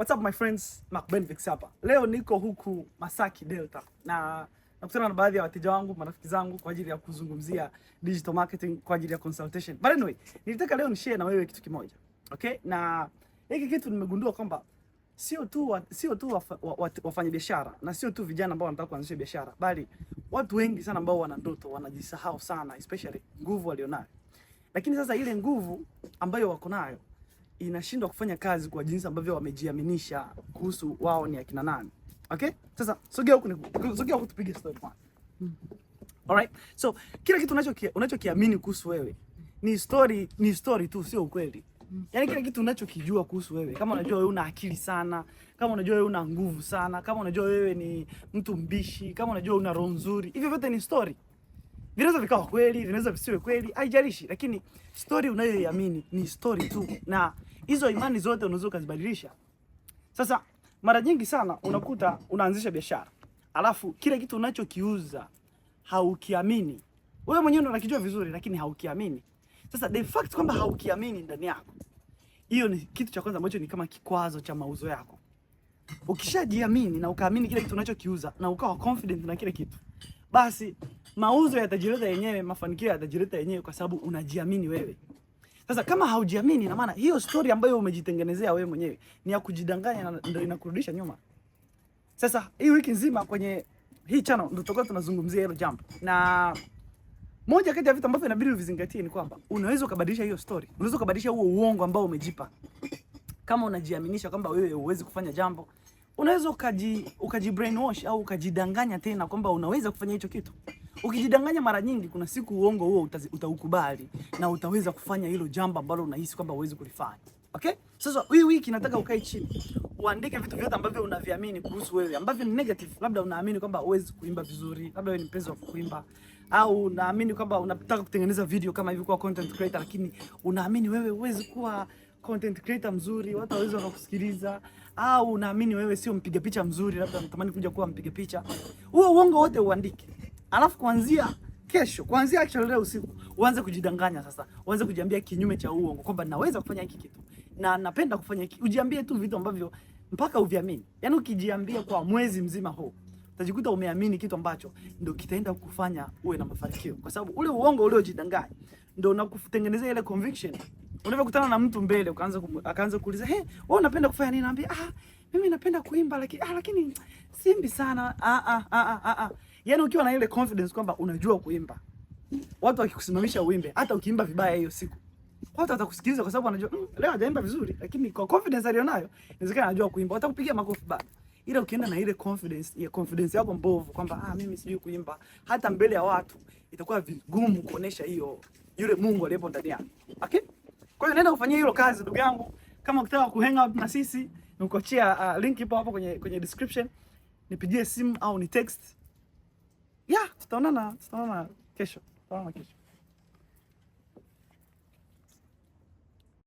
What's up my friends, Macben Vix hapa. Leo niko huku Masaki Delta na nakutana na baadhi ya wateja wangu, marafiki zangu kwa ajili ya kuzungumzia digital marketing kwa ajili ya consultation. But anyway, nilitaka leo nishare na wewe kitu kimoja. Okay? Na hiki kitu nimegundua kwamba sio tu wa, sio tu wafanyabiashara wa, wa, wa na sio tu vijana ambao wanataka kuanzisha biashara, bali watu wengi sana ambao wana ndoto wanajisahau sana especially nguvu walionayo. Lakini sasa ile nguvu ambayo wako nayo inashindwa kufanya kazi kwa jinsi ambavyo wamejiaminisha kuhusu wao ni akina nani. Okay? Sasa sogea huku sogea huku tupige story kwanza. Alright. So kila kitu unachokiamini kuhusu wewe ni story, ni story tu, sio ukweli. Yaani kila kitu unachokijua kuhusu wewe, kama unajua wewe una akili sana, kama unajua wewe una nguvu sana, kama unajua wewe ni mtu mbishi, kama unajua una roho nzuri, hivyo vyote ni story vinaweza vikawa kweli, vinaweza visiwe kweli, haijalishi, lakini story unayoiamini ni story tu, na hizo imani zote unaweza ukazibadilisha. Sasa mara nyingi sana unakuta unaanzisha biashara alafu kile kitu unachokiuza haukiamini. Wewe mwenyewe unakijua vizuri, lakini haukiamini. Sasa the fact kwamba haukiamini ndani yako, hiyo ni kitu cha kwanza ambacho ni kama kikwazo cha mauzo yako. Ukishajiamini na ukaamini kile kitu unachokiuza na ukawa confident na kile kitu, basi mauzo yatajileta yenyewe, mafanikio yatajileta yenyewe kwa sababu unajiamini wewe. Sasa kama haujiamini, na maana hiyo story ambayo umejitengenezea wewe mwenyewe ni ya kujidanganya na ndio inakurudisha nyuma. Sasa hii wiki nzima kwenye hii channel ndio tutakuwa tunazungumzia hilo jambo, na moja kati ya vitu ambavyo inabidi uvizingatie ni kwamba unaweza kubadilisha hiyo story, unaweza kubadilisha huo uongo ambao umejipa, kama unajiaminisha kwamba wewe huwezi kufanya jambo unaweza ukaji ukaji brainwash au ukajidanganya tena kwamba unaweza kufanya hicho kitu. Ukijidanganya mara nyingi, kuna siku uongo huo utaukubali na utaweza kufanya hilo jambo ambalo unahisi kwamba huwezi kulifanya. Okay? Sasa hii wiki nataka ukae chini, uandike vitu vyote ambavyo unaviamini kuhusu wewe, ambavyo ni negative. Labda unaamini kwamba huwezi kuimba vizuri, labda wewe ni mpenzi wa kuimba, au unaamini kwamba unataka kutengeneza video kama hivi kwa content creator, lakini unaamini wewe huwezi kuwa content creator mzuri, watu waweze wakakusikiliza, au unaamini wewe sio mpiga picha mzuri, labda natamani kuja kuwa mpiga picha. Huo uongo wote uandike, alafu kuanzia kesho, kuanzia actually leo usiku, uanze kujidanganya sasa, uanze kujiambia kinyume cha uongo kwamba naweza kufanya hiki kitu na napenda kufanya hiki. Ujiambie tu vitu ambavyo mpaka uviamini. Yaani ukijiambia kwa mwezi mzima huu utajikuta umeamini kitu ambacho ndio kitaenda kufanya uwe na mafanikio, kwa sababu ule uongo uliojidanganya ndio unakutengenezea ile conviction unavyokutana na mtu mbele ukaanza akaanza kuuliza he, wewe unapenda kufanya nini? Naambia ah, mimi napenda kuimba lakini ah, lakini simbi sana ah, ah ah ah ah ah. Yaani ukiwa na ile confidence kwamba unajua kuimba, watu wakikusimamisha uimbe, hata ukiimba vibaya hiyo siku watu watakusikiliza kwa sababu wanajua mm, leo hajaimba vizuri, lakini kwa confidence alionayo inawezekana anajua kuimba, watakupigia makofi bado. Ila ukienda na ile confidence ya confidence yako mbovu kwamba ah, mimi sijui kuimba, hata mbele ya watu itakuwa vigumu kuonesha hiyo yule Mungu aliyepo ndani yako okay? Kwa hiyo nenda kufanyia hilo kazi ndugu yangu. Kama ukitaka kuhang out na sisi, nikuachia uh, link ipo hapo kwenye kwenye description. Nipigie simu au ni text. Yeah, tutaonana, tutaonana kesho. Tutaonana kesho.